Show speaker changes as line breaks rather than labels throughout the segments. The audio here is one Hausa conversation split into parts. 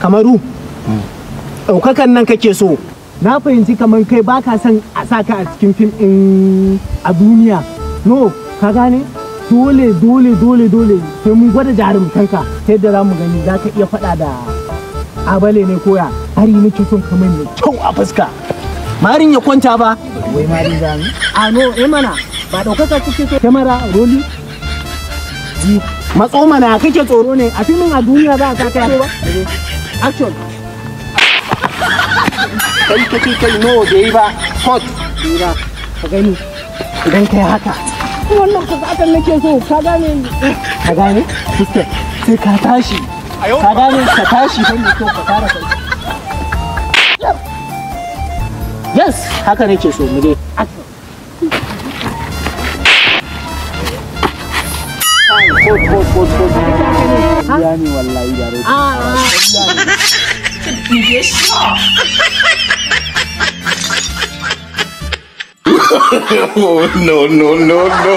kamaru ɗaukakan nan kake so na fahimci kamar kai baka son a saka a cikin fim ɗin a duniya no ka gane dole dole dole dole sai mun gwada jarumtanka ta yadda za mu gani za ka iya faɗa da abale ne koya hari na kitson kamar mai kyau a fuska marin ya kwanta ba wai marin za mu a no eh mana ba daukaka kike so kamera roli ji matso mana kake tsoro ne a filmin a duniya za a saka ba action kai kake kai no da yi ba hot ba ka gani idan kai haka wannan kusatar nake so ka gane ni ka gane sister sai ka tashi ka gane ka tashi don da ka tara kai yes haka nake so mu je
Yani vallahi yare. Aa.
Niye şok?
oh
no no no no.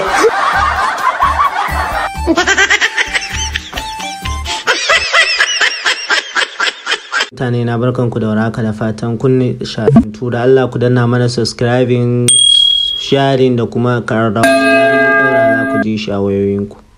mutane na barkan ku da warhaka da fatan kun nishadantu da Allah ku danna mana subscribing sharing da kuma karrawa da ku ji shi a wayoyinku